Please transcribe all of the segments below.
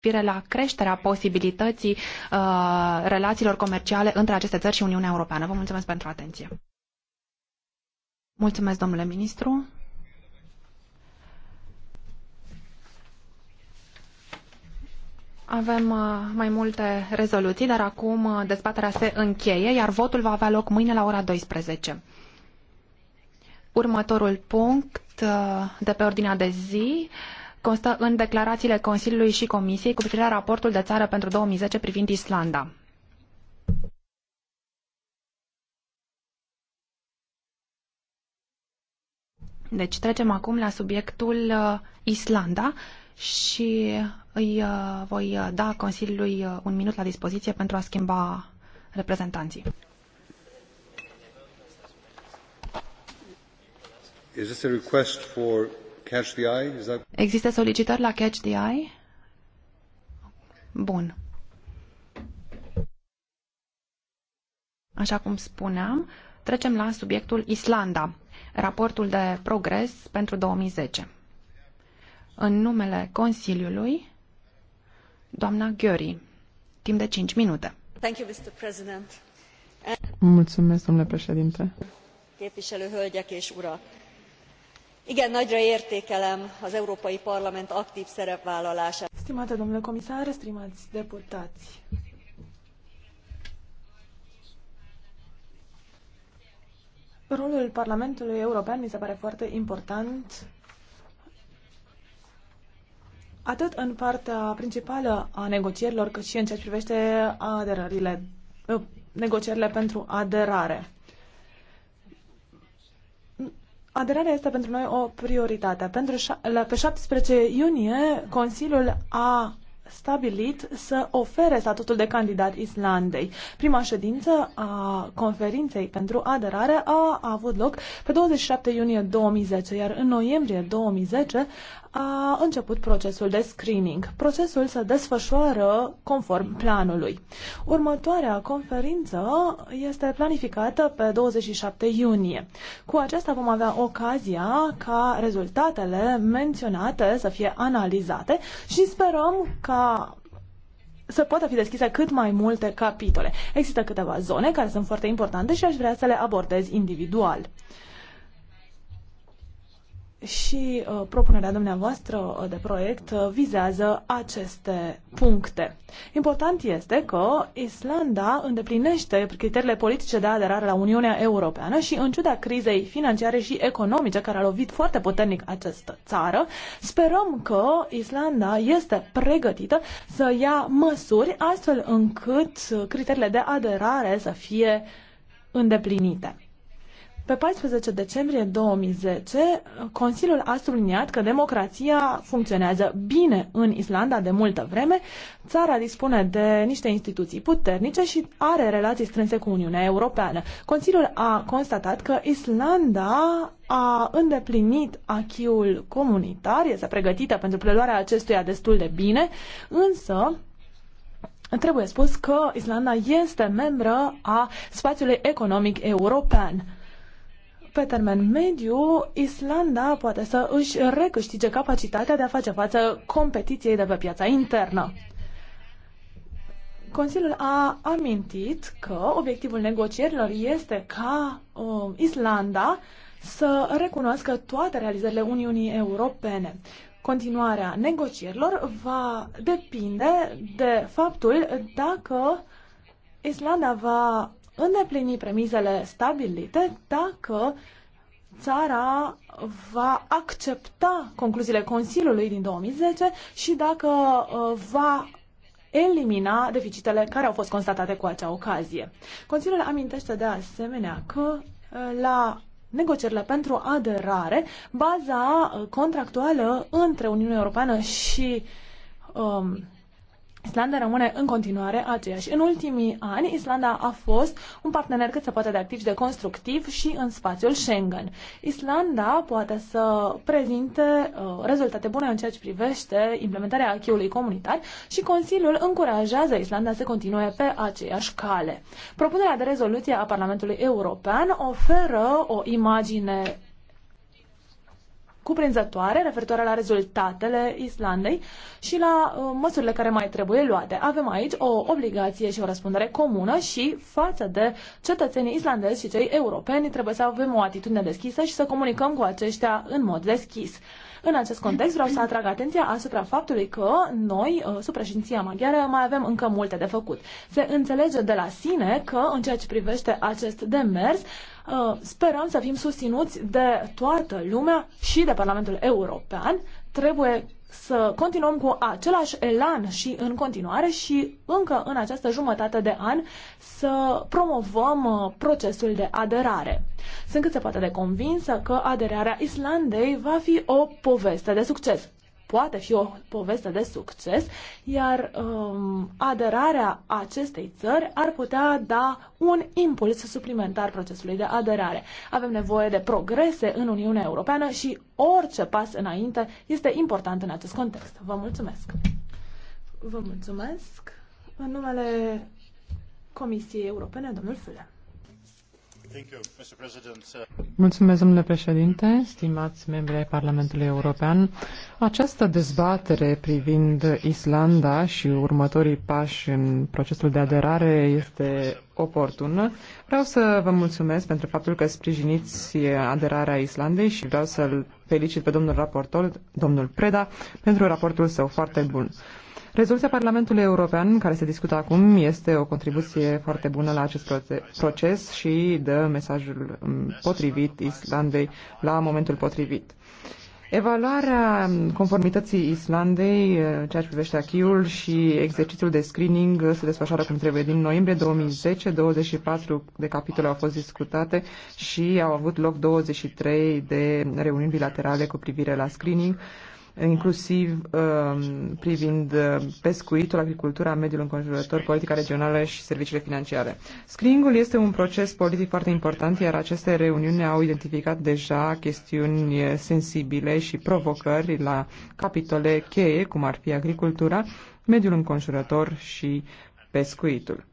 privire la creșterea posibilității uh, relațiilor comerciale între aceste țări și Uniunea Europeană. Vă mulțumesc pentru atenție. Mulțumesc, domnule ministru. Avem uh, mai multe rezoluții, dar acum uh, dezbaterea se încheie, iar votul va avea loc mâine la ora 12. Următorul punct uh, de pe ordinea de zi constă în declarațiile Consiliului și Comisiei cu privire la raportul de țară pentru 2010 privind Islanda. Deci trecem acum la subiectul uh, Islanda și uh, îi uh, voi da Consiliului un minut la dispoziție pentru a schimba reprezentanții. Is this a request for Catch the Eye? That... Există solicitări la Catch the Eye? Bun. Așa cum spuneam, trecem la subiectul Islanda, raportul de progres pentru 2010. În numele Consiliului, doamna Gheori, timp de 5 minute. Thank you, Mr. President. Mulțumesc, domnule președinte. Képviselő hölgyek és urak! igen nagyra értékelem az európai parlament aktv szerepvállalását. stimate domnule comisar stimați deputați rolul parlamentului european mi se pare foarte important atât în partea principală a negocierilor cât și în ceea ce privește aderările uh, negocierile pentru aderare. Aderarea este pentru noi o prioritate. Pentru la, pe 17 iunie, Consiliul a stabilit să ofere statutul de candidat Islandei. Prima ședință a conferinței pentru aderare a avut loc pe 27 iunie 2010, iar în noiembrie 2010 a început procesul de screening. Procesul se desfășoară conform planului. Următoarea conferință este planificată pe 27 iunie. Cu aceasta vom avea ocazia ca rezultatele menționate să fie analizate și sperăm ca să poată fi deschise cât mai multe capitole. Există câteva zone care sunt foarte importante și aș vrea să le abordez individual și uh, propunerea dumneavoastră uh, de proiect uh, vizează aceste puncte. Important este că Islanda îndeplinește criteriile politice de aderare la Uniunea Europeană și în ciuda crizei financiare și economice care a lovit foarte puternic această țară, sperăm că Islanda este pregătită să ia măsuri astfel încât uh, criteriile de aderare să fie îndeplinite. Pe 14 decembrie 2010, Consiliul a subliniat că democrația funcționează bine în Islanda de multă vreme, țara dispune de niște instituții puternice și are relații strânse cu Uniunea Europeană. Consiliul a constatat că Islanda a îndeplinit achiul comunitar, este pregătită pentru preluarea acestuia destul de bine, însă trebuie spus că Islanda este membră a spațiului economic european. Pe termen mediu, Islanda poate să își recâștige capacitatea de a face față competiției de pe piața internă. Consiliul a amintit că obiectivul negocierilor este ca uh, Islanda să recunoască toate realizările Uniunii Europene. Continuarea negocierilor va depinde de faptul dacă Islanda va îndeplini premizele stabilite dacă țara va accepta concluziile Consiliului din 2010 și dacă uh, va elimina deficitele care au fost constatate cu acea ocazie. Consiliul amintește de asemenea că uh, la negocierile pentru aderare, baza uh, contractuală între Uniunea Europeană și um, Islanda rămâne în continuare aceeași. În ultimii ani, Islanda a fost un partener cât se poate de activ și de constructiv și în spațiul Schengen. Islanda poate să prezinte uh, rezultate bune în ceea ce privește implementarea acquis comunitar și Consiliul încurajează Islanda să continue pe aceeași cale. Propunerea de rezoluție a Parlamentului European oferă o imagine cuprinzătoare referitoare la rezultatele Islandei și la uh, măsurile care mai trebuie luate. Avem aici o obligație și o răspundere comună și față de cetățenii islandezi și cei europeni trebuie să avem o atitudine deschisă și să comunicăm cu aceștia în mod deschis. În acest context vreau să atrag atenția asupra faptului că noi, uh, sub președinția maghiară, mai avem încă multe de făcut. Se înțelege de la sine că, în ceea ce privește acest demers, Uh, sperăm să fim susținuți de toată lumea și de Parlamentul European. Trebuie să continuăm cu același elan și în continuare și încă în această jumătate de an să promovăm uh, procesul de aderare. Sunt cât se poate de convinsă că aderarea Islandei va fi o poveste de succes poate fi o poveste de succes, iar um, aderarea acestei țări ar putea da un impuls suplimentar procesului de aderare. Avem nevoie de progrese în Uniunea Europeană și orice pas înainte este important în acest context. Vă mulțumesc! Vă mulțumesc! În numele Comisiei Europene, domnul Füle. Mulțumesc, domnule președinte, stimați membri ai Parlamentului European. Această dezbatere privind Islanda și următorii pași în procesul de aderare este oportună. Vreau să vă mulțumesc pentru faptul că sprijiniți aderarea Islandei și vreau să-l felicit pe domnul raportor, domnul Preda, pentru raportul său foarte bun. Rezoluția Parlamentului European, care se discută acum, este o contribuție foarte bună la acest proces și dă mesajul potrivit Islandei la momentul potrivit. Evaluarea conformității Islandei, eh, ceea ce privește achiul și exercițiul de screening eh, se desfășoară cum trebuie. Din noiembrie 2010, 24 de capitole au fost discutate și au avut loc 23 de reuniuni bilaterale cu privire la screening inclusiv um, privind uh, pescuitul, agricultura, mediul înconjurător, politica regională și serviciile financiare. Screening-ul este un proces politic foarte important, iar aceste reuniuni au identificat deja chestiuni uh, sensibile și provocări la capitole cheie, cum ar fi agricultura, mediul înconjurător și pescuitul.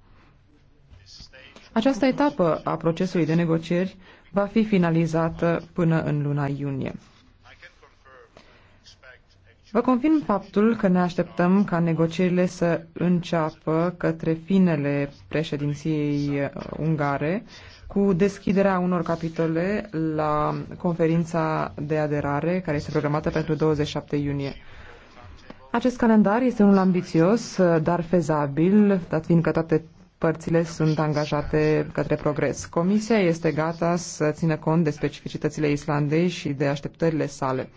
Această etapă a procesului de negocieri va fi finalizată până în luna iunie. Vă confirm faptul că ne așteptăm ca negocierile să înceapă către finele președinției uh, ungare cu deschiderea unor capitole la conferința de aderare care este programată pentru 27 iunie. Acest calendar este unul ambițios, uh, dar fezabil, dat fiindcă toate părțile sunt angajate către progres. Comisia este gata să țină cont de specificitățile Islandei și de așteptările sale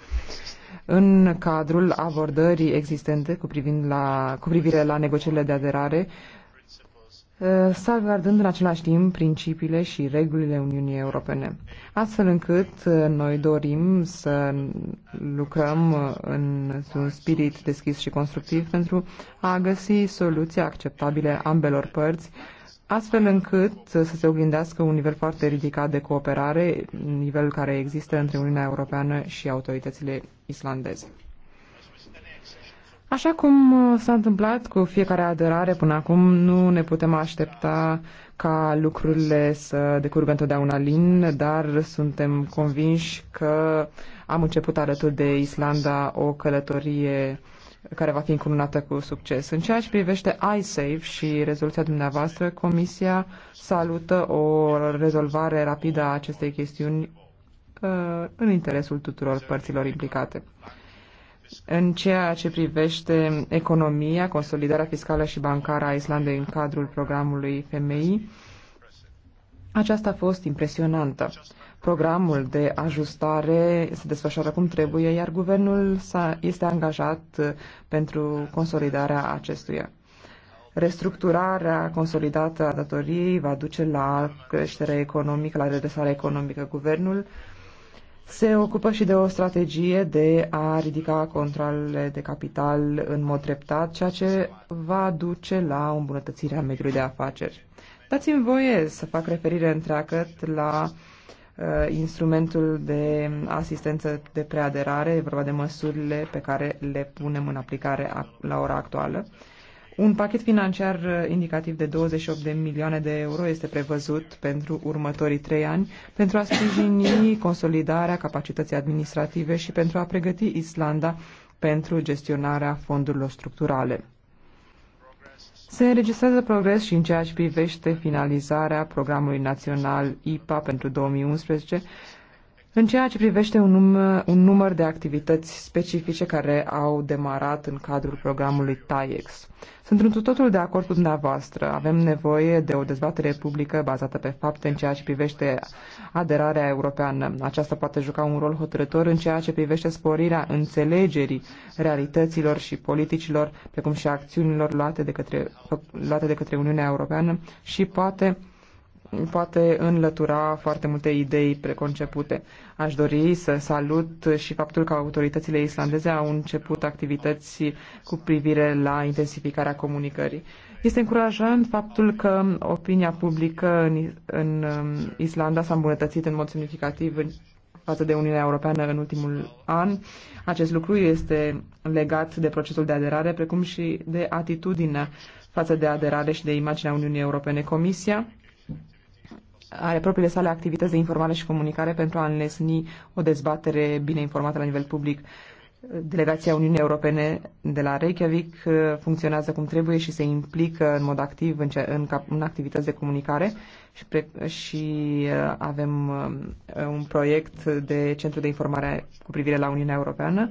în cadrul abordării existente cu, privind la, cu privire la negocierile de aderare, salvardând în același timp principiile și regulile Uniunii Europene, astfel încât uh, noi dorim să lucrăm uh, în un spirit deschis și constructiv pentru a găsi soluții acceptabile ambelor părți astfel încât să se oglindească un nivel foarte ridicat de cooperare, nivelul care există între Uniunea Europeană și autoritățile islandeze. Așa cum s-a întâmplat cu fiecare aderare până acum, nu ne putem aștepta ca lucrurile să decurgă întotdeauna lin, dar suntem convinși că am început alături de Islanda o călătorie care va fi încununată cu succes. În ceea ce privește iSafe și rezoluția dumneavoastră, Comisia salută o rezolvare rapidă a acestei chestiuni uh, în interesul tuturor părților implicate. În ceea ce privește economia, consolidarea fiscală și bancară a Islandei în cadrul programului FMI, aceasta a fost impresionantă. Programul de ajustare se desfășoară cum trebuie, iar guvernul este angajat uh, pentru consolidarea acestuia. Restructurarea consolidată a datoriei va duce la creștere economică, la redresare economică. Guvernul se ocupă și de o strategie de a ridica controlele de capital în mod treptat, ceea ce va duce la îmbunătățirea mediului de afaceri. Dați-mi voie să fac referire întreagă la uh, Uh, instrumentul de asistență de preaderare, e vorba de măsurile pe care le punem în aplicare la ora actuală. Un pachet financiar uh, indicativ de 28 de milioane de euro este prevăzut pentru următorii trei ani pentru a sprijini consolidarea capacității administrative și pentru a pregăti Islanda pentru gestionarea fondurilor structurale. Se înregistrează progres și în ceea ce privește finalizarea programului național IPA pentru 2011 în ceea ce privește un, num- un număr de activități specifice care au demarat în cadrul programului TAIEX, sunt într totul de acord cu dumneavoastră. Avem nevoie de o dezbatere publică bazată pe fapte în ceea ce privește aderarea europeană. Aceasta poate juca un rol hotărător în ceea ce privește sporirea înțelegerii realităților și politicilor, precum și acțiunilor luate de către, luate de către Uniunea Europeană și poate uh, poate înlătura foarte multe idei preconcepute. Aș dori să salut și faptul că autoritățile islandeze au început activități cu privire la intensificarea comunicării. Este încurajant faptul că opinia publică în, în um, Islanda s-a îmbunătățit în mod semnificativ în față de Uniunea Europeană în ultimul an. Acest lucru este legat de procesul de aderare, precum și de atitudinea față de aderare și de imaginea Uniunii Europene. Comisia are propriile sale activități de informare și comunicare pentru a înlesni o dezbatere bine informată la nivel public. Delegația Uniunii Europene de la Reykjavik uh, funcționează cum trebuie și se implică în mod activ în, ce, în, cap, în activități de comunicare și, pre, și uh, avem uh, un proiect de centru de informare cu privire la Uniunea Europeană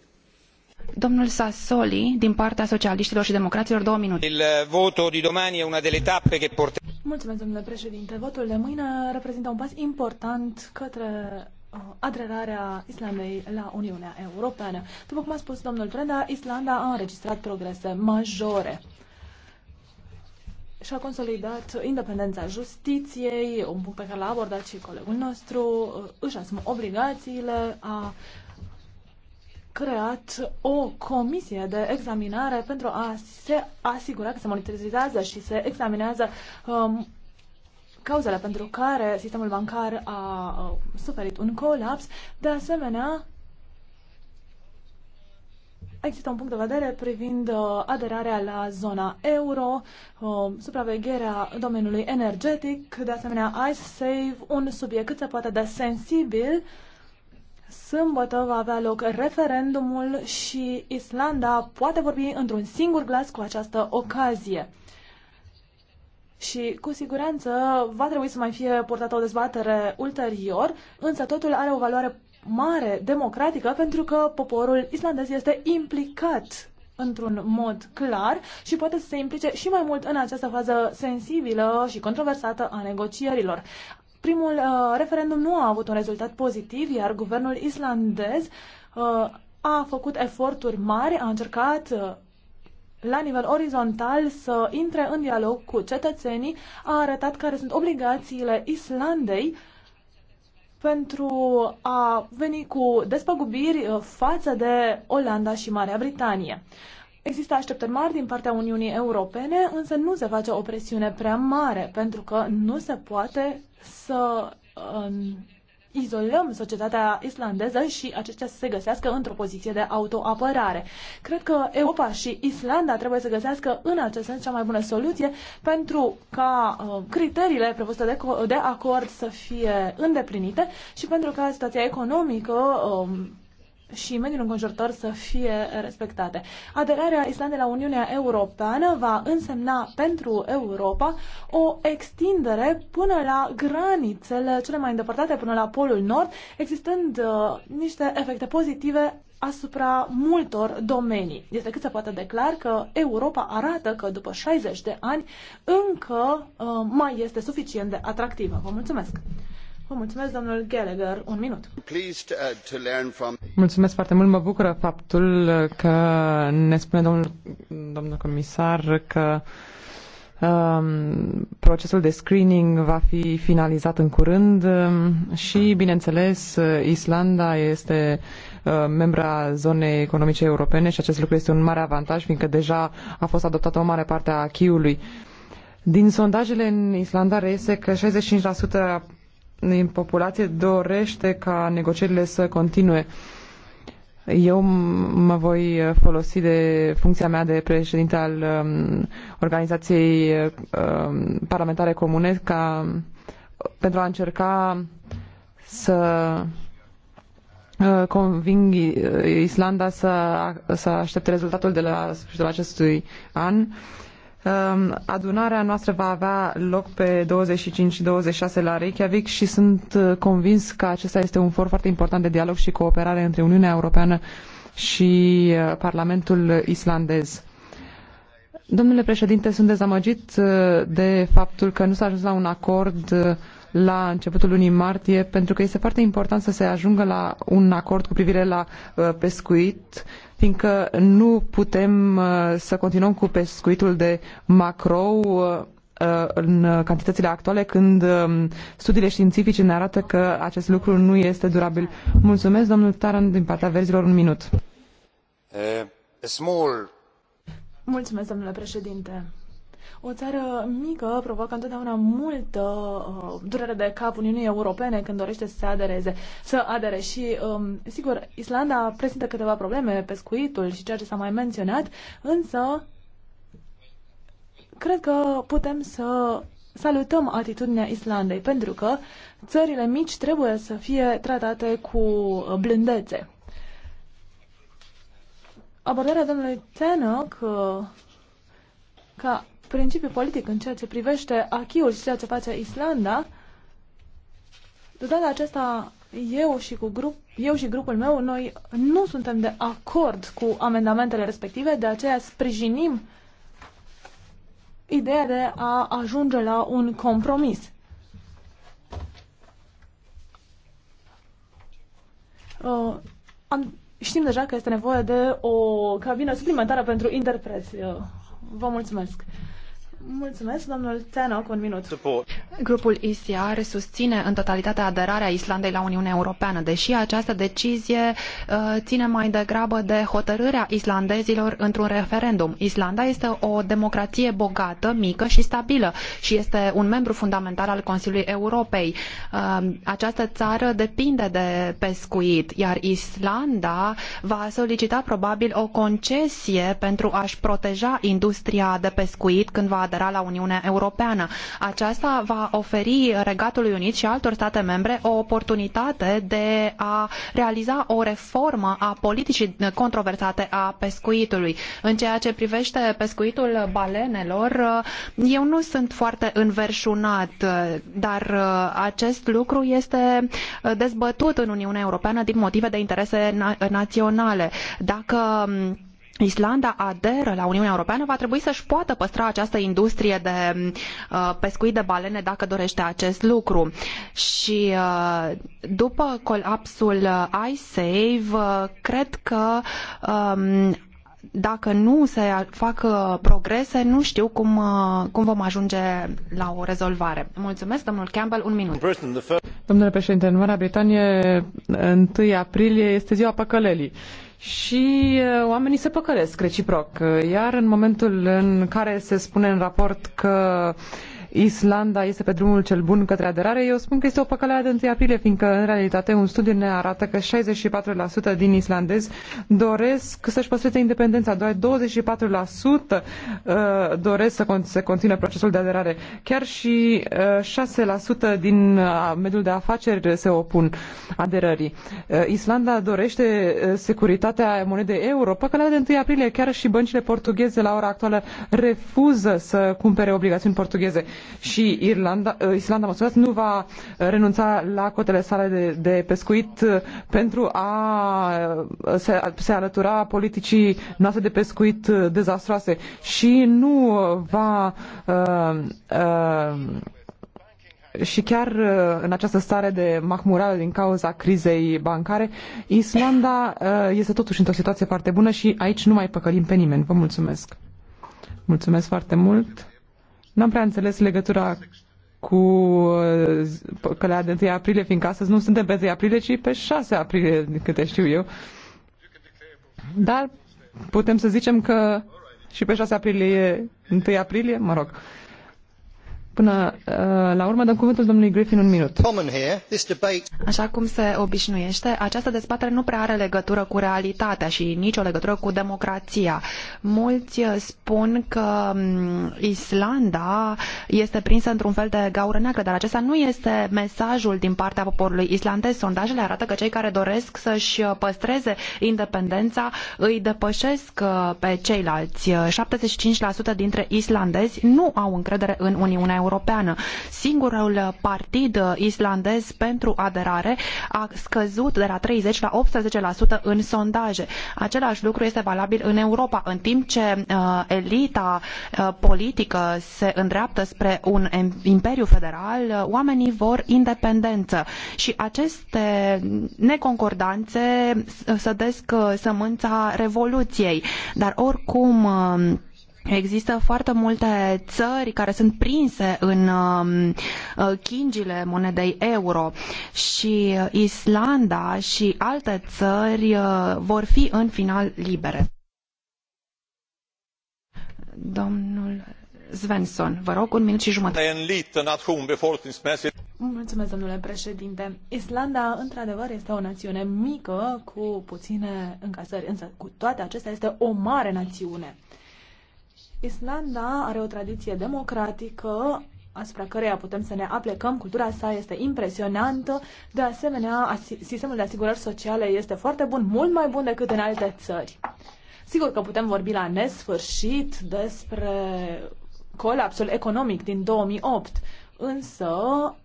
Domnul Sassoli, din partea socialiștilor și democraților, două minute. Il uh, voto di domani è una delle tappe che Mulțumesc, domnule președinte. Votul de mâine reprezintă un pas important către uh, aderarea Islandei la Uniunea Europeană. După cum a spus domnul Preda, Islanda a înregistrat progrese majore și-a consolidat independența justiției, un punct pe care l-a abordat și colegul nostru, uh, își asumă obligațiile, a creat o comisie de examinare pentru a se asigura că se monitorizează și se examinează um, cauzele pentru care sistemul bancar a uh, suferit un colaps. De asemenea, Există un punct de vedere privind uh, aderarea la zona euro, uh, supravegherea domeniului energetic, de asemenea ICE-SAVE, un subiect cât se poate de sensibil uh, Sâmbătă va avea loc referendumul și Islanda poate vorbi într-un singur glas cu această ocazie. Și cu siguranță va trebui să mai fie portată o dezbatere ulterior, însă totul are o valoare mare democratică pentru că poporul islandez este implicat într-un mod clar și poate să se implice și mai mult în această fază sensibilă și controversată a negocierilor primul uh, referendum nu a avut un rezultat pozitiv, iar guvernul islandez uh, a făcut eforturi mari, a încercat uh, la nivel orizontal să intre în dialog cu cetățenii, a arătat care sunt obligațiile Islandei pentru a veni cu despăgubiri uh, față de Olanda și Marea Britanie. Există așteptări mari din partea Uniunii Europene, însă nu se face o presiune prea mare, pentru că nu se poate să um, izolăm societatea islandeză și aceștia să se găsească într-o poziție de autoapărare. Cred că Europa și Islanda trebuie să găsească în acest sens cea mai bună soluție pentru ca uh, criteriile prevăzute de, de acord să fie îndeplinite și pentru ca situația economică uh, și mediul înconjurător să fie respectate. Aderarea Islandei la Uniunea Europeană va însemna pentru Europa o extindere până la granițele cele mai îndepărtate, până la Polul Nord, existând uh, niște efecte pozitive asupra multor domenii. Este cât se poate declar că Europa arată că după 60 de ani încă uh, mai este suficient de atractivă. Vă mulțumesc! Vă mulțumesc, domnul Gallagher. Un minut. Uh, mulțumesc foarte mult. Mă bucură faptul că ne spune domnul, domnul comisar că um, procesul de screening va fi finalizat în curând um, și, bineînțeles, Islanda este uh, membra zonei economice europene și acest lucru este un mare avantaj, fiindcă deja a fost adoptată o mare parte a acquis-ului. Din sondajele în Islanda reiese că 65% din populație dorește ca negocierile să continue. Eu mă voi folosi de funcția mea de președinte al um, Organizației um, Parlamentare Comune ca, pentru a încerca să uh, conving Islanda să, să aștepte rezultatul de la sfârșitul acestui an Um, adunarea noastră va avea loc pe 25 și 26 la Reykjavik și sunt uh, convins că acesta este un for foarte important de dialog și cooperare între Uniunea Europeană și uh, Parlamentul islandez. Domnule președinte, sunt dezamăgit uh, de faptul că nu s-a ajuns la un acord la începutul lunii martie, pentru că este foarte important să se ajungă la un acord cu privire la pescuit fiindcă nu putem uh, să continuăm cu pescuitul de macrou uh, uh, în cantitățile actuale, când um, studiile științifice ne arată că acest lucru nu este durabil. Mulțumesc, domnul Taran, din partea verzilor, un minut. Eh, Mulțumesc, domnule președinte. O țară mică provoacă întotdeauna multă uh, durere de cap Uniunii Europene când dorește să se adereze, să adere și, um, sigur, Islanda prezintă câteva probleme, pescuitul și ceea ce s-a mai menționat, însă cred că putem să salutăm atitudinea Islandei, pentru că țările mici trebuie să fie tratate cu blândețe. Abordarea domnului Tenoc uh, ca principiu politic în ceea ce privește achiul și ceea ce face Islanda, de data aceasta eu și, cu grup, eu și grupul meu, noi nu suntem de acord cu amendamentele respective, de aceea sprijinim ideea de a ajunge la un compromis. Uh, am, știm deja că este nevoie de o cabină suplimentară pentru interpreți. Uh, vă mulțumesc! Mulțumesc, domnul Tenoc, un minut. Support. Grupul ICR susține în totalitate aderarea Islandei la Uniunea Europeană, deși această decizie uh, ține mai degrabă de hotărârea islandezilor într-un referendum. Islanda este o democrație bogată, mică și stabilă și este un membru fundamental al Consiliului Europei. Uh, această țară depinde de pescuit, iar Islanda va solicita probabil o concesie pentru a-și proteja industria de pescuit când va adera la Uniunea Europeană. Aceasta va oferi Regatului Unit și altor state membre o oportunitate de a realiza o reformă a politicii controversate a pescuitului. În ceea ce privește pescuitul balenelor, eu nu sunt foarte înverșunat, dar acest lucru este dezbătut în Uniunea Europeană din motive de interese na- naționale. Dacă Islanda aderă la Uniunea Europeană, va trebui să-și poată păstra această industrie de uh, pescuit de balene dacă dorește acest lucru. Și uh, după colapsul iSave, uh, cred că um, dacă nu se fac progrese, nu știu cum, cum vom ajunge la o rezolvare. Mulțumesc, domnul Campbell, un minut. Domnule președinte, în Marea Britanie, 1 aprilie este ziua păcălelii și uh, oamenii se păcălesc reciproc. Iar în momentul în care se spune în raport că uh, Islanda este pe drumul cel bun către aderare, eu spun că este o păcăleală de 1 aprilie, fiindcă în realitate un studiu ne arată că 64% din islandezi doresc să-și păstreze independența, doar 24% uh, doresc să se continue procesul de aderare. Chiar și 6% uh, din uh, mediul de afaceri se opun aderării. Islanda dorește securitatea monedei euro. Păcăleală de 1 aprilie, chiar și băncile portugheze la ora actuală refuză să cumpere obligațiuni portugheze și Irlanda, uh, Islanda mă scuzați, nu va uh, renunța la cotele sale de, de pescuit uh, pentru a se, se alătura politicii noastre de pescuit dezastroase și nu va uh, uh, și chiar în această stare de mahmurală din cauza crizei bancare, Islanda este totuși într-o situație foarte bună și aici nu mai păcălim pe nimeni. Vă mulțumesc! Mulțumesc foarte mult! N-am prea înțeles legătura cu uh, călea de 1 aprilie, fiindcă astăzi nu suntem pe 1 aprilie, ci pe 6 aprilie, câte știu eu. Dar putem să zicem că și pe 6 aprilie e 1 aprilie, mă rog. Până uh, la urmă dăm cuvântul domnului Griffin un minut. Așa cum se obișnuiește, această dezbatere nu prea are legătură cu realitatea și nicio legătură cu democrația. Mulți spun că mm, Islanda este prinsă într-un fel de gaură neagră, dar acesta nu este mesajul din partea poporului islandez. Sondajele arată că cei care doresc să-și păstreze independența îi depășesc uh, pe ceilalți. 75% uh, dintre islandezi nu au încredere în Uniunea Europeană. Singurul partid islandez pentru aderare a scăzut de la 30 la 18% în sondaje. Același lucru este valabil în Europa, în timp ce uh, elita uh, politică se îndreaptă spre un imperiu federal, uh, oamenii vor independență și aceste neconcordanțe sădesc uh, sămânța revoluției. Dar oricum uh, Există foarte multe țări care sunt prinse în um, uh, chingile monedei euro și Islanda și alte țări uh, vor fi în final libere. Domnul Svensson, vă rog, un minut și jumătate. Mulțumesc, domnule președinte. Islanda, într-adevăr, este o națiune mică cu puține încasări, însă cu toate acestea este o mare națiune. Islanda are o tradiție democratică asupra căreia putem să ne aplecăm. Cultura sa este impresionantă. De asemenea, sistemul de asigurări sociale este foarte bun, mult mai bun decât în alte țări. Sigur că putem vorbi la nesfârșit despre colapsul economic din 2008, însă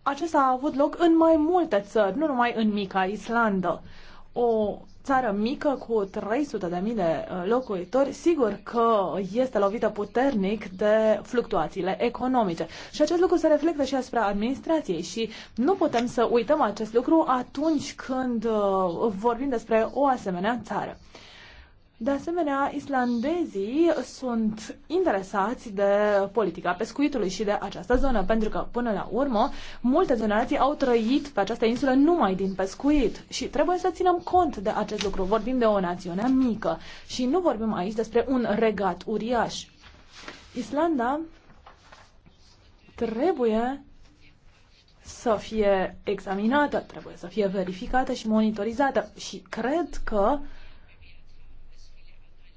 acesta a avut loc în mai multe țări, nu numai în mica Islandă. O țară mică cu 300.000 de uh, locuitori, sigur că este lovită puternic de fluctuațiile economice. Și acest lucru se reflectă și asupra administrației și nu putem să uităm acest lucru atunci când uh, vorbim despre o asemenea țară. De asemenea, islandezii sunt interesați de politica pescuitului și de această zonă, pentru că, până la urmă, multe generații au trăit pe această insulă numai din pescuit și trebuie să ținem cont de acest lucru. Vorbim de o națiune mică și nu vorbim aici despre un regat uriaș. Islanda trebuie să fie examinată, trebuie să fie verificată și monitorizată și cred că uh,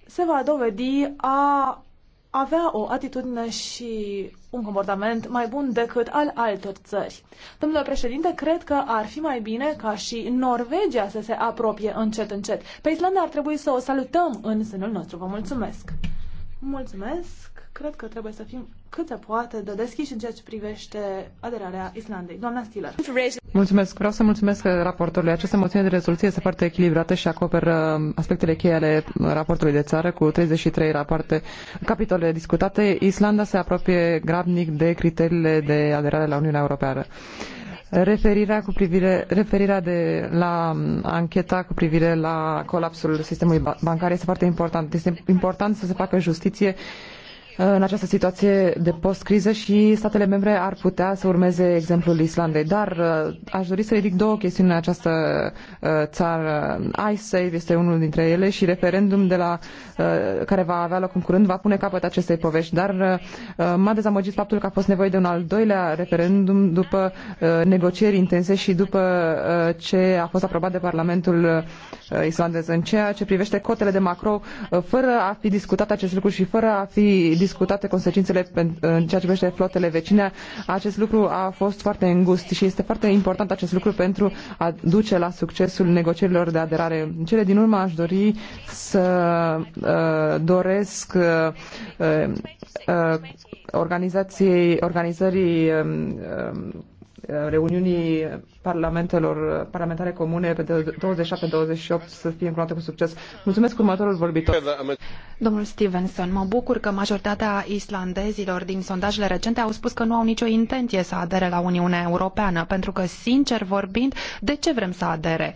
se va dovedi a avea o atitudine și un comportament mai bun decât al altor țări. Domnule președinte, cred că ar fi mai bine ca și Norvegia să se apropie încet, încet. Pe Islanda ar trebui să o salutăm în sânul nostru. Vă mulțumesc! Mulțumesc! cred că trebuie să fim cât se poate de deschiși în ceea ce privește aderarea Islandei. Doamna Stiller. Mulțumesc. Vreau să mulțumesc raportorului. Această moțiune de rezoluție este foarte echilibrată și acoperă aspectele cheie ale raportului de țară cu 33 rapoarte capitole discutate. Islanda se apropie grabnic de criteriile de aderare la Uniunea Europeană. Referirea, cu privire, referirea de la ancheta cu privire la colapsul sistemului bancar este foarte important. Este important să se facă justiție în această situație de post-criză și statele membre ar putea să urmeze exemplul Islandei. Dar uh, aș dori să ridic două chestiuni în această uh, țară. ISAVE este unul dintre ele și referendum de la, uh, care va avea loc în curând va pune capăt acestei povești. Dar m-a dezamăgit faptul că a fost nevoie de un al doilea referendum după negocieri intense și după ce a fost aprobat de Parlamentul islandez. În ceea ce privește cotele de macro, fără a fi discutat acest lucru și fără a fi discutat discutate consecințele în ceea ce privește flotele vecine. Acest lucru a fost foarte îngust și este foarte important acest lucru pentru a duce la succesul negocierilor de aderare. În cele din urmă aș dori să uh, doresc uh, uh, uh organizației, organizării uh, reuniunii parlamentelor parlamentare comune pe 27-28 să fie încurată cu succes. Mulțumesc următorul vorbitor. Domnul Stevenson, mă bucur că majoritatea islandezilor din sondajele recente au spus că nu au nicio intenție să adere la Uniunea Europeană, pentru că, sincer vorbind, de ce vrem să adere?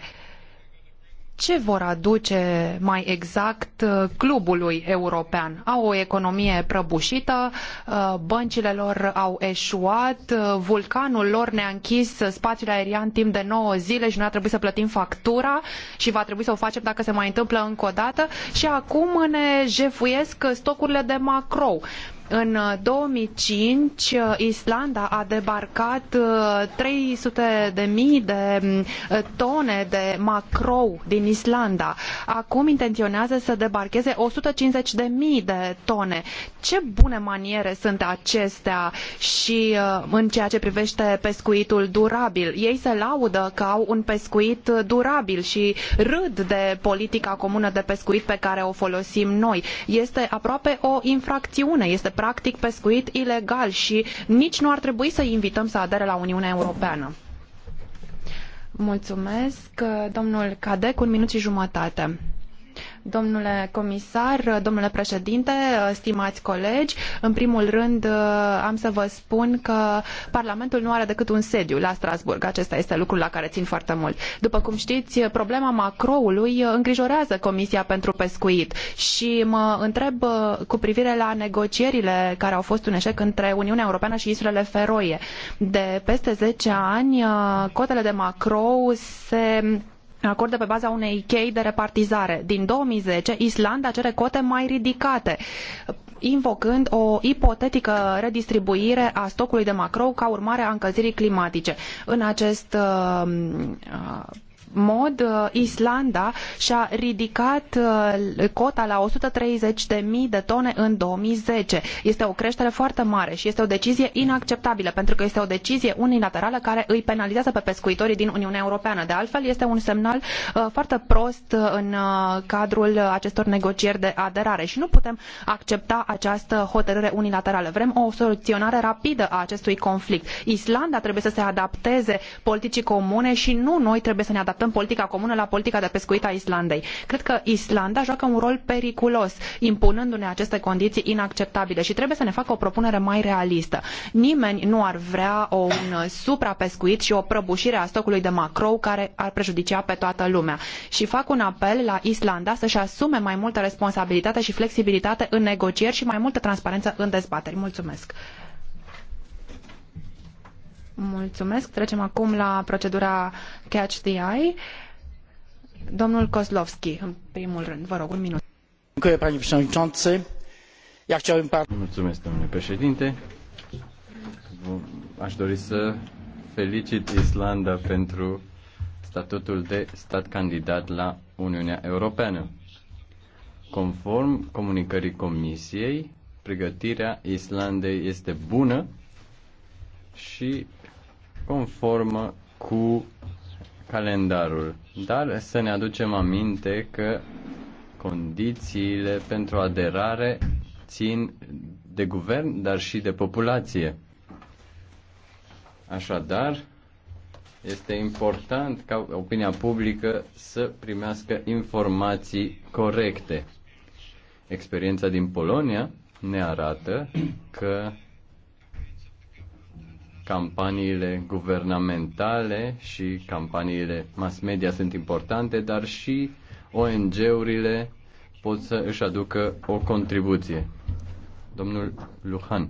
ce vor aduce mai exact uh, clubului european? Au o economie prăbușită, uh, băncile lor au eșuat, uh, vulcanul lor ne-a închis spațiul aerian timp de 9 zile și noi a trebuit să plătim factura și va trebui să o facem dacă se mai întâmplă încă o dată și acum ne jefuiesc stocurile de macrou în 2005, uh, uh, Islanda a debarcat 300.000 uh, de mii de mm, tone de macrou din Islanda. Acum intenționează să debarcheze 150.000 de mii de tone. Ce bune maniere sunt acestea și în ceea ce privește pescuitul durabil. Ei se laudă că au un pescuit durabil și râd de politica comună de pescuit pe care o folosim noi. Este aproape o infracțiune, este practic pescuit ilegal și nici nu ar trebui să-i invităm să adere la Uniunea Europeană. Mulțumesc, domnul Cadec, un minut și jumătate. Domnule comisar, domnule președinte, stimați colegi, în primul rând uh, am să vă spun că Parlamentul nu are decât un sediu la Strasbourg. Acesta este lucrul la care țin foarte mult. După cum știți, problema macroului îngrijorează Comisia pentru Pescuit și mă întreb uh, cu privire la negocierile care au fost un eșec între Uniunea Europeană și insulele Feroe. De peste zece ani, uh, cotele de macrou se acorde pe baza unei chei de repartizare. Din 2010, Islanda cere cote mai ridicate, invocând o ipotetică redistribuire a stocului de macrou ca urmare a încălzirii climatice. În acest uh, uh mod, uh, Islanda și-a ridicat uh, cota la 130.000 de tone în 2010. Este o creștere foarte mare și este o decizie inacceptabilă, pentru că este o decizie unilaterală care îi penalizează pe pescuitorii din Uniunea Europeană. De altfel, este un semnal uh, foarte prost în cadrul acestor negocieri de aderare și nu putem accepta această hotărâre unilaterală. Vrem o soluționare rapidă a acestui conflict. Islanda trebuie să se adapteze politicii comune și nu noi trebuie să ne adaptăm raportăm politica comună la politica de pescuit a Islandei. Cred că Islanda joacă un rol periculos, impunându-ne aceste condiții inacceptabile și trebuie să ne facă o propunere mai realistă. Nimeni nu ar vrea o, un suprapescuit și o prăbușire a stocului de macrou care ar prejudicia pe toată lumea. Și fac un apel la Islanda să-și asume mai multă responsabilitate și flexibilitate în negocieri și mai multă transparență în dezbateri. Mulțumesc! Mulțumesc. Trecem acum la procedura Catch the Eye. Domnul Kozlovski, în primul rând, vă rog, un minut. Mulțumesc, domnule președinte. Aș dori să felicit Islanda pentru statutul de stat candidat la Uniunea Europeană. Conform comunicării Comisiei, pregătirea Islandei este bună și conformă cu calendarul. Dar să ne aducem aminte că condițiile pentru aderare țin de guvern, dar și de populație. Așadar, este important ca opinia publică să primească informații corecte. Experiența din Polonia ne arată că campaniile guvernamentale și campaniile mass media sunt importante, dar și ONG-urile pot să își aducă o contribuție. Domnul Luhan.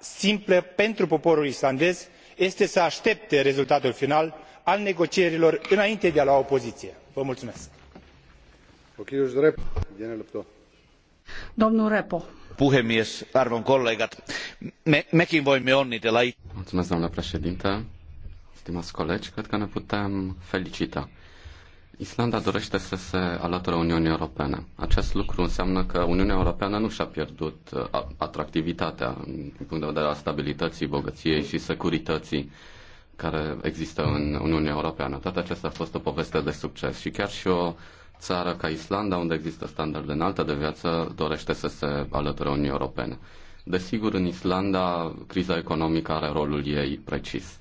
simplă pentru poporul islandez este să atepte rezultatul final al negocierilor înainte de a lua o poziie. puhemies arvon kollegat mekin voimme onnitella cred că ne putem felicita Islanda dorește să se alăture Uniunii Europene. Acest lucru înseamnă că Uniunea Europeană nu și-a pierdut atractivitatea din punct de vedere al stabilității, bogăției și securității care există în Uniunea Europeană. Toate acestea a fost o poveste de succes și chiar și o țară ca Islanda, unde există standarde înalte de viață, dorește să se alăture Uniunii Europene. Desigur, în Islanda, criza economică are rolul ei precis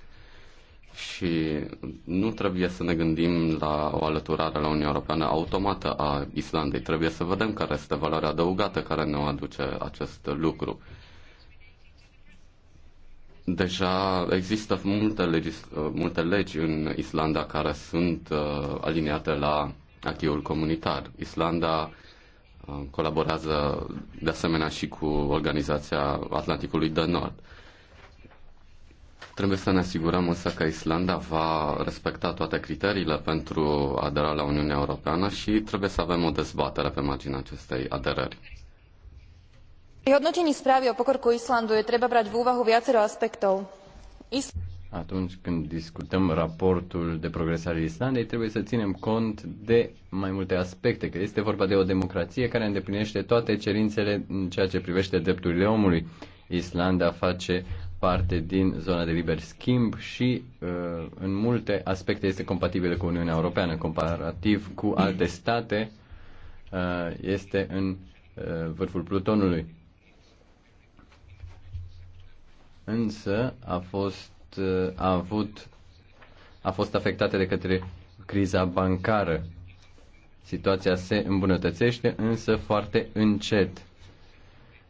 și nu trebuie să ne gândim la o alăturare la Uniunea Europeană automată a Islandei. Trebuie să vedem care este valoarea adăugată care ne aduce acest lucru. Deja există multe, legis- multe legi în Islanda care sunt uh, aliniate la acquis comunitar. Islanda uh, colaborează de asemenea și cu Organizația Atlanticului de Nord. Uh, Trebuie să ne asigurăm însă că Islanda va respecta toate criteriile pentru aderarea la Uniunea Europeană și trebuie să avem o dezbatere pe marginea acestei aderări. Pri hodnotení správy o pokorku Islandu je treba brať v úvahu viacero aspektov. Atunci când discutăm raportul de progres al Islandei, trebuie să ținem cont de mai multe aspecte, că este vorba de o democrație care îndeplinește toate cerințele în ceea ce privește drepturile omului. Islanda face parte din zona de liber schimb și uh, în multe aspecte este compatibilă cu Uniunea Europeană, comparativ cu alte state, uh, este în uh, vârful Plutonului. Însă a fost a avut a fost afectată de către criza bancară. Situația se îmbunătățește, însă foarte încet.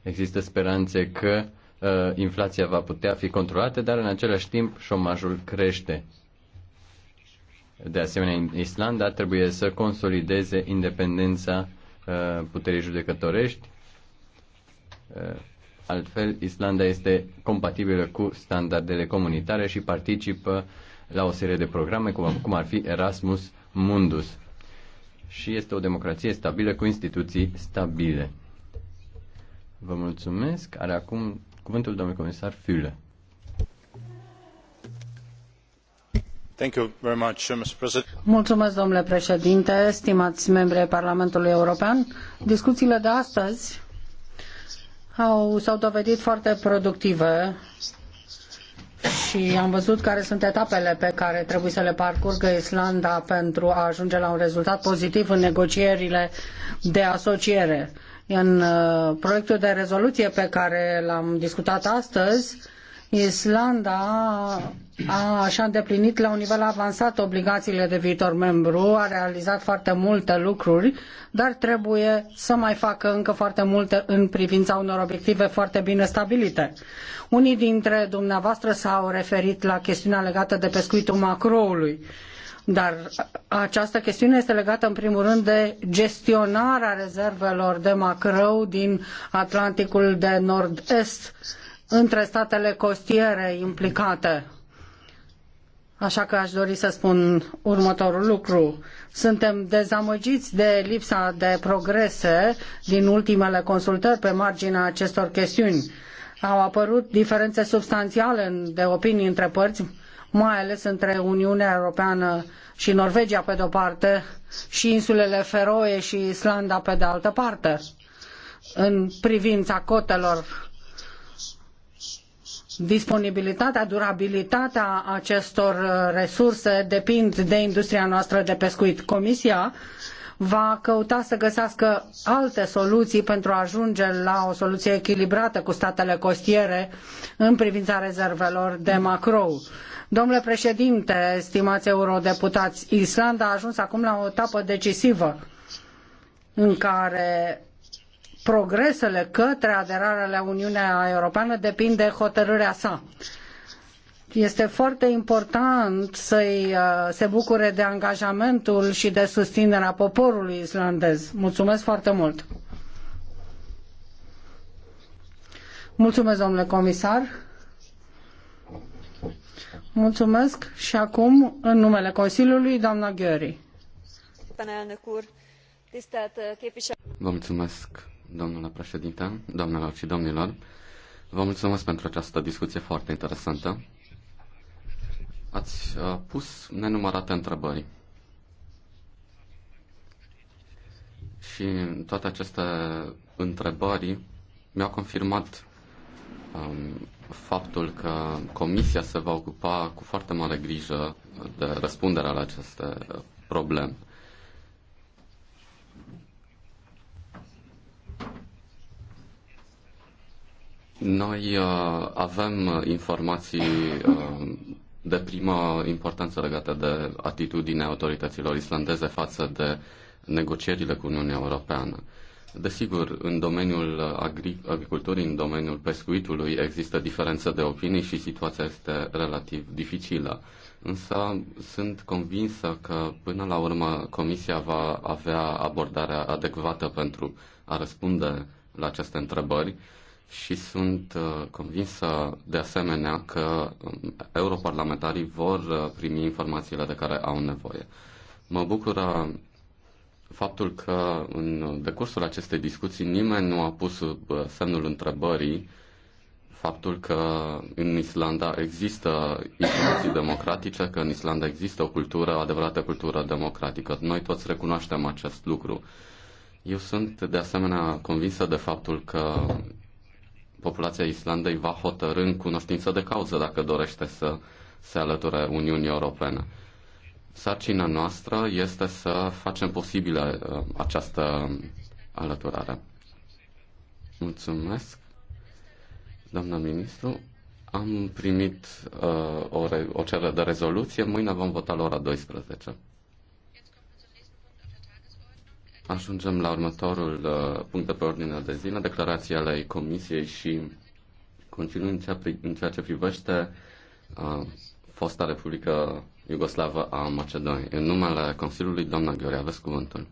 Există speranțe că uh, Uh, inflația va putea fi controlată, dar în același timp șomajul crește. De asemenea, Islanda trebuie să consolideze independența uh, puterii judecătorești. Uh, altfel, Islanda este compatibilă cu standardele comunitare și participă la o serie de programe, cum ar fi Erasmus Mundus. Și este o democrație stabilă cu instituții stabile. Vă mulțumesc. Are acum cuvântul domnului comisar Füle. Uh, Mulțumesc, domnule președinte, stimați membri ai Parlamentului European. Discuțiile de astăzi au, s-au dovedit foarte productive și am văzut care sunt etapele pe care trebuie să le parcurgă Islanda pentru a ajunge la un rezultat pozitiv în negocierile de asociere. În uh, proiectul de rezoluție pe care l-am discutat astăzi, Islanda a, și-a îndeplinit la un nivel avansat obligațiile de viitor membru, a realizat foarte multe lucruri, dar trebuie să mai facă încă foarte multe în privința unor obiective foarte bine stabilite. Unii dintre dumneavoastră s-au referit la chestiunea legată de pescuitul macroului. Uh, dar această chestiune este legată în primul rând de gestionarea rezervelor de macrou din Atlanticul de Nord-Est între statele costiere implicate. Așa că aș dori să spun următorul lucru. Suntem dezamăgiți de lipsa de progrese din ultimele consultări pe marginea acestor chestiuni. Au apărut diferențe substanțiale de opinii între părți mai ales între Uniunea Europeană și Norvegia pe de o parte și insulele Feroe și Islanda pe de altă parte în privința cotelor disponibilitatea, durabilitatea acestor uh, resurse depind de industria noastră de pescuit. Comisia va căuta să găsească alte soluții pentru a ajunge la o soluție echilibrată cu statele costiere în privința rezervelor de macrou. Domnule președinte, stimați eurodeputați, Islanda a ajuns acum la o etapă decisivă în care progresele către aderarea la Uniunea Europeană depind de hotărârea sa. Este foarte important să uh, se bucure de angajamentul și de susținerea poporului islandez. Mulțumesc foarte mult! Mulțumesc, domnule comisar! Mulțumesc și acum, în numele Consiliului, doamna Gheori. Uh, Vă mulțumesc, domnule președinte, doamnelor și domnilor. Vă mulțumesc pentru această discuție foarte interesantă. Ați uh, pus nenumărate întrebări. Și toate aceste întrebări mi-au confirmat um, faptul că Comisia se va ocupa cu foarte mare grijă de răspunderea la aceste probleme. Noi uh, avem informații uh, de primă importanță legate de atitudinea autorităților islandeze față de negocierile cu Uniunea Europeană. Desigur, în domeniul agriculturii, în domeniul pescuitului, există diferențe de opinii și situația este relativ dificilă. Însă sunt convinsă că până la urmă Comisia va avea abordarea adecvată pentru a răspunde la aceste întrebări și sunt uh, convinsă de asemenea că um, europarlamentarii vor uh, primi informațiile de care au nevoie. Mă bucură faptul că în decursul acestei discuții nimeni nu a pus semnul întrebării faptul că în Islanda există instituții democratice, că în Islanda există o cultură, o adevărată cultură democratică. Noi toți recunoaștem acest lucru. Eu sunt de asemenea convinsă de faptul că populația Islandei va hotărâ în cunoștință de cauză dacă dorește să se alăture Uniunii Europene. Sarcina noastră este să facem posibilă uh, această alăturare. Mulțumesc, doamna ministru. Am primit uh, o, re- o cerere de rezoluție. Mâine vom vota la ora 12. Ajungem la următorul uh, punct de pe ordine de zi, declarația ale Comisiei și continuăm în ceea, în ceea ce privește uh, fosta Republică iugoslavă a Macedoniei. În numele Consiliului, doamna Gheorghe, aveți cuvântul.